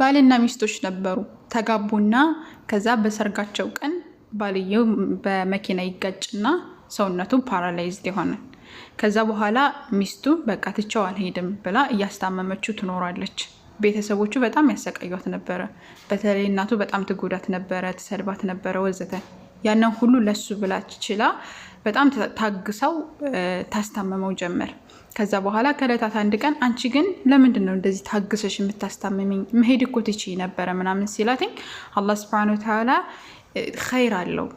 ባልና ሚስቶች ነበሩ። ተጋቡና ከዛ በሰርጋቸው ቀን ባልየው በመኪና ይጋጭና ሰውነቱ ፓራላይዝድ የሆነ ከዛ በኋላ ሚስቱ በቃ አልሄድም ብላ እያስታመመችው ትኖራለች። ቤተሰቦቹ በጣም ያሰቃዩት ነበረ። በተለይ እናቱ በጣም ትጎዳት ነበረ፣ ትሰድባት ነበረ ወዘተ። ያንን ሁሉ ለሱ ብላ ችላ በጣም ታግሰው ታስታመመው ጀመር። ከዛ በኋላ ከዕለታት አንድ ቀን አንቺ ግን ለምንድን ነው እንደዚህ ታግሰሽ የምታስታምሚኝ? መሄድ እኮ ትችይ ነበረ ምናምን ሲላትኝ አላህ ስብሐነ ወተዓላ ኸይር አለው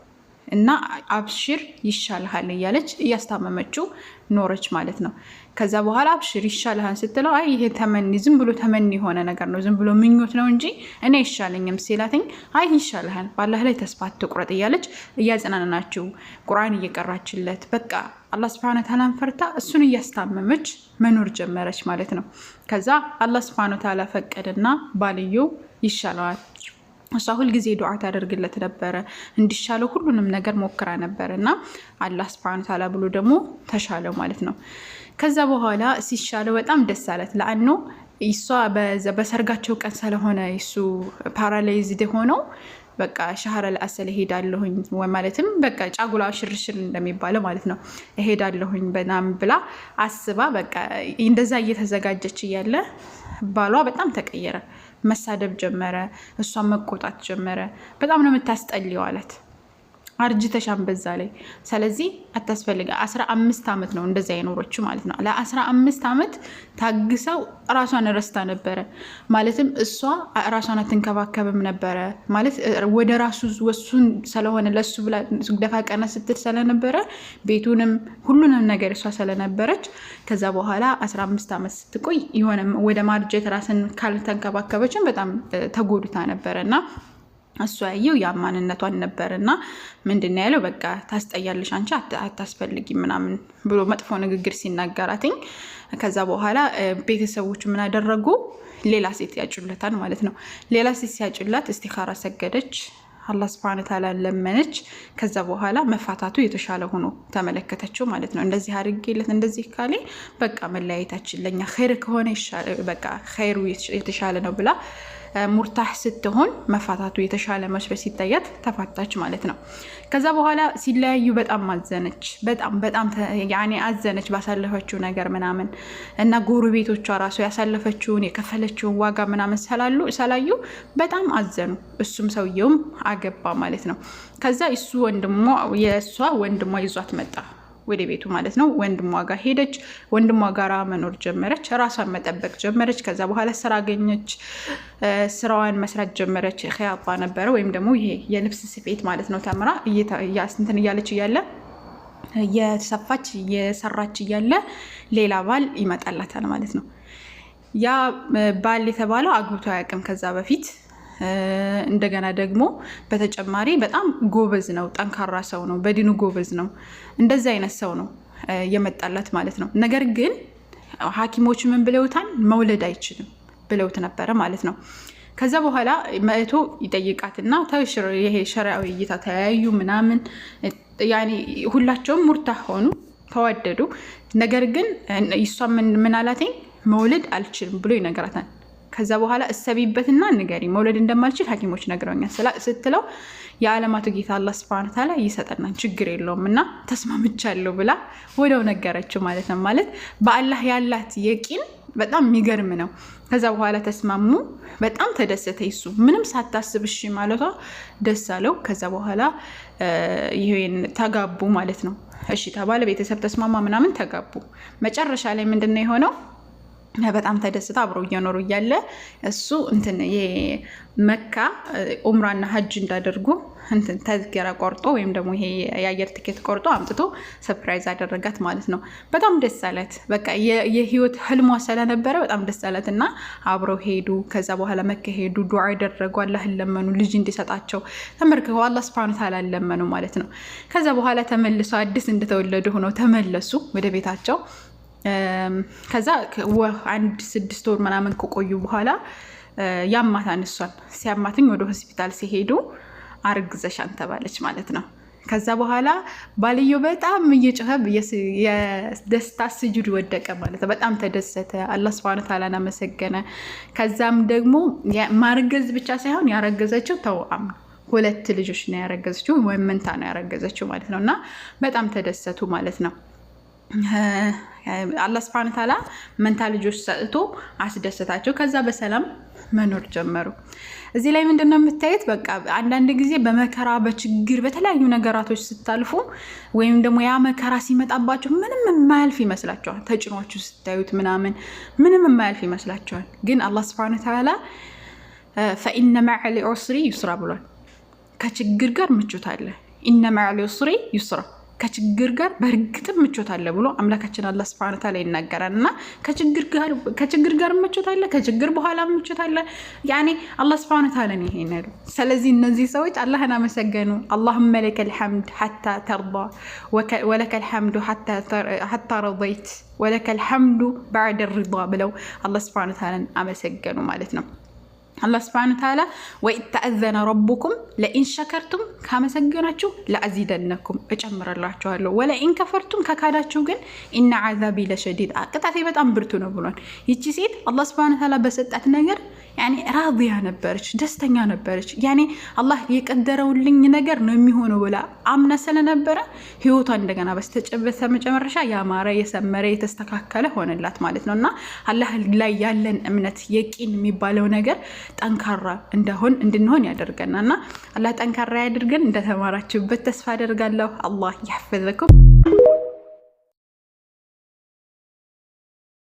እና አብሽር ይሻልሃል እያለች እያስታመመችው ኖረች ማለት ነው። ከዛ በኋላ አብሽር ይሻልሃል ስትለው አይ ይሄ ተመኒ ዝም ብሎ ተመኒ የሆነ ነገር ነው፣ ዝም ብሎ ምኞት ነው እንጂ እኔ አይሻለኝም ሲላትኝ አይ ይሻልሃል፣ ባላህ ላይ ተስፋ አትቁረጥ እያለች እያጽናናችው፣ ቁርአን እየቀራችለት በቃ አላህ ስብሐነ ተዓላን ፈርታ እሱን እያስታመመች መኖር ጀመረች ማለት ነው። ከዛ አላህ ስብሐነ ተዓላ ፈቀደና ባልየው ይሻለዋል እሷ ሁልጊዜ ዱዓ ታደርግለት ነበረ እንዲሻለው ሁሉንም ነገር ሞክራ ነበር እና አላህ ስብሐነ ተዓላ ብሎ ደግሞ ተሻለው ማለት ነው። ከዛ በኋላ ሲሻለው በጣም ደስ አለት። ለአኖ እሷ በሰርጋቸው ቀን ስለሆነ እሱ ፓራላይዝድ ሆነው በቃ ሻህረ ለአሰል እሄዳለሁኝ ማለትም በቃ ጫጉላ ሽርሽር እንደሚባለው ማለት ነው እሄዳለሁኝ በናም ብላ አስባ በቃ እንደዛ እየተዘጋጀች እያለ ባሏ በጣም ተቀየረ። መሳደብ ጀመረ። እሷን መቆጣት ጀመረ። በጣም ነው የምታስጠልየው አላት። አርጅተሻን በዛ ላይ ስለዚህ አታስፈልገ አስራ አምስት ዓመት ነው እንደዚ አይኖሮች ማለት ነው። ለአስራ አምስት ዓመት ታግሰው ራሷን ረስታ ነበረ ማለትም እሷ ራሷን አትንከባከብም ነበረ ማለት ወደ ራሱ ወሱን ስለሆነ ለሱ ብላ ደፋ ቀና ስትል ስለነበረ ቤቱንም ሁሉንም ነገር እሷ ስለነበረች ከዛ በኋላ አስራ አምስት ዓመት ስትቆይ የሆነ ወደ ማርጀት ራስን ካልተንከባከበችን በጣም ተጎድታ ነበረ እና እሱ ያየው ያ ማንነቷን ነበር እና ምንድን ነው ያለው፣ በቃ ታስጠያለሽ አንቺ አታስፈልጊ ምናምን ብሎ መጥፎ ንግግር ሲናገራትኝ፣ ከዛ በኋላ ቤተሰቦች ምን አደረጉ? ሌላ ሴት ያጩለታል ማለት ነው። ሌላ ሴት ሲያጩላት እስቲካራ ሰገደች፣ አላህ ሱብሐነሁ ወተዓላ ለመነች። ከዛ በኋላ መፋታቱ የተሻለ ሆኖ ተመለከተችው ማለት ነው። እንደዚህ አድርጌለት እንደዚህ ካሌ በቃ መለያየታችን ለኛ ኸይር ከሆነ በቃ ኸይሩ የተሻለ ነው ብላ ሙርታህ ስትሆን መፋታቱ የተሻለ መስሎ ሲታያት ተፋታች ማለት ነው። ከዛ በኋላ ሲለያዩ በጣም አዘነች። በጣም በጣም ያኔ አዘነች ባሳለፈችው ነገር ምናምን እና ጎረቤቶቿ ራሱ ያሳለፈችውን የከፈለችውን ዋጋ ምናምን ሰላሉ ሰላዩ በጣም አዘኑ። እሱም ሰውየውም አገባ ማለት ነው። ከዛ እሱ ወንድሞ የእሷ ወንድሟ ይዟት መጣ። ወደ ቤቱ ማለት ነው። ወንድሟ ጋር ሄደች። ወንድሟ ጋር መኖር ጀመረች። ራሷን መጠበቅ ጀመረች። ከዛ በኋላ ስራ አገኘች። ስራዋን መስራት ጀመረች። ያባ ነበረ ወይም ደግሞ ይሄ የልብስ ስፌት ማለት ነው። ተምራ እንትን እያለች እያለ የሰፋች የሰራች እያለ ሌላ ባል ይመጣላታል ማለት ነው። ያ ባል የተባለው አግብቶ አያውቅም ከዛ በፊት እንደገና ደግሞ በተጨማሪ በጣም ጎበዝ ነው፣ ጠንካራ ሰው ነው፣ በዲኑ ጎበዝ ነው። እንደዚህ አይነት ሰው ነው የመጣላት ማለት ነው። ነገር ግን ሐኪሞች ምን ብለውታል? መውለድ አይችልም ብለውት ነበረ ማለት ነው። ከዛ በኋላ መእቶ ይጠይቃትና ይሄ ሸሪዓዊ እይታ ተለያዩ ምናምን ያኔ ሁላቸውም ሙርታ ሆኑ፣ ተዋደዱ። ነገር ግን እሷ ምን አላትኝ መውለድ አልችልም ብሎ ይነግራታል። ከዛ በኋላ እሰቢበትና ንገሪ መውለድ እንደማልችል ሐኪሞች ነግረውኛል ስትለው የዓለማቱ ጌታ አላህ ሱብሃነ ተዓላ ይሰጠናል፣ ችግር የለውም እና ተስማምቻለሁ ብላ ወደው ነገረችው ማለት ነው። ማለት በአላህ ያላት የቂን በጣም የሚገርም ነው። ከዛ በኋላ ተስማሙ። በጣም ተደሰተ። ይሱ ምንም ሳታስብ እሺ ማለቷ ደስ አለው። ከዛ በኋላ ይሄን ተጋቡ ማለት ነው። እሺ ተባለ፣ ቤተሰብ ተስማማ፣ ምናምን ተጋቡ። መጨረሻ ላይ ምንድነው የሆነው? በጣም ተደስታ አብረው እየኖሩ እያለ እሱ እንትን መካ ኡምራና ሀጅ እንዳደርጉ እንትን ተዝገራ ቆርጦ ወይም ደግሞ ይሄ የአየር ትኬት ቆርጦ አምጥቶ ሰፕራይዝ አደረጋት ማለት ነው። በጣም ደስ አላት። በቃ የህይወት ህልሟ ስለነበረ በጣም ደስ አላት እና አብረው ሄዱ። ከዛ በኋላ መካ ሄዱ። ዱዓ ያደረጉ አላህን ለመኑ፣ ልጅ እንዲሰጣቸው ተመርከው አላህ ሱብሃነሁ ተዓላ ለመኑ ማለት ነው። ከዛ በኋላ ተመልሶ አዲስ እንደተወለዱ ሆነው ተመለሱ ወደ ቤታቸው። ከዛ አንድ ስድስት ወር ምናምን ከቆዩ በኋላ ያማት አንሷል። ሲያማትኝ ወደ ሆስፒታል ሲሄዱ አርግዘሻን ተባለች ማለት ነው። ከዛ በኋላ ባልዮ በጣም እየጮኸ የደስታ ስጁድ ወደቀ ማለት ነው። በጣም ተደሰተ። አላህ ሱብሃነሁ ተዓላን አመሰገነ። ከዛም ደግሞ ማርገዝ ብቻ ሳይሆን ያረገዘችው ተውአም ሁለት ልጆች ነው ያረገዘችው፣ ወይም መንታ ነው ያረገዘችው ማለት ነው። እና በጣም ተደሰቱ ማለት ነው። አላህ ስብሐነ ተዓላ መንታ ልጆች ሰጥቶ አስደሰታቸው። ከዛ በሰላም መኖር ጀመሩ። እዚህ ላይ ምንድን ነው የምታዩት? በቃ አንዳንድ ጊዜ በመከራ በችግር በተለያዩ ነገራቶች ስታልፉ ወይም ደግሞ ያ መከራ ሲመጣባቸው ምንም የማያልፍ ይመስላቸዋል። ተጭኗችሁ ስታዩት ምናምን ምንም የማያልፍ ይመስላቸዋል። ግን አላህ ስብሐነ ተዓላ ፈኢነ መዐል ዑስሪ ዩስራ ብሏል። ከችግር ጋር ምቾት አለ። ኢነ መዐል ዑስሪ ዩስራ ከችግር ጋር በእርግጥም ምቾት አለ ብሎ አምላካችን አላህ ሱብሐነሁ ወተዓላ ይናገራል እና ከችግር ጋር ምቾት አለ፣ ከችግር በኋላ ምቾት አለ። ያኔ አላህ ሱብሐነሁ ወተዓላ ነው ይሄ ነው። ስለዚህ እነዚህ ሰዎች አላህን አመሰገኑ። አላሁመ ለከል ሐምድ ሐታ ተርዳ ወለከል ሐምዱ ሐታ ረضይት ወለከል ሐምዱ በዕደ ሪዳ ብለው አላህ ሱብሐነሁ ወተዓላን አመሰገኑ ማለት ነው። አላህ ስብሃነ ተዓላ ወይ ተአዘነ ረቡኩም ለኢን ሸከርቱም ካመሰገናችሁ ለአዚደነኩም እጨምረላችኋለሁ፣ ወለኢን ከፈርቱም ከካዳችሁ ግን ኢና ዓዛቢ ለሸዲድ ቅጣቴ በጣም ብርቱ ነው ብሏል። ይቺ ሴት አላህ ስብሃነ ተዓላ በሰጣት ነገር ራዲያ ነበረች፣ ደስተኛ ነበረች። ያኔ አላህ የቀደረውልኝ ነገር ነው የሚሆነው ብላ አምና ስለነበረ ህይወቷ እንደገና በስተጨበሰ ያማረ የሰመረ የተስተካከለ ሆነላት ማለት ነው እና አላህ ላይ ያለን እምነት የቂን የሚባለው ነገር ጠንካራ እንደሆን እንድንሆን ያደርገናና አላ አላህ ጠንካራ ያድርገን። እንደተማራችሁበት ተስፋ አደርጋለሁ። አላህ ያፈዘኩም።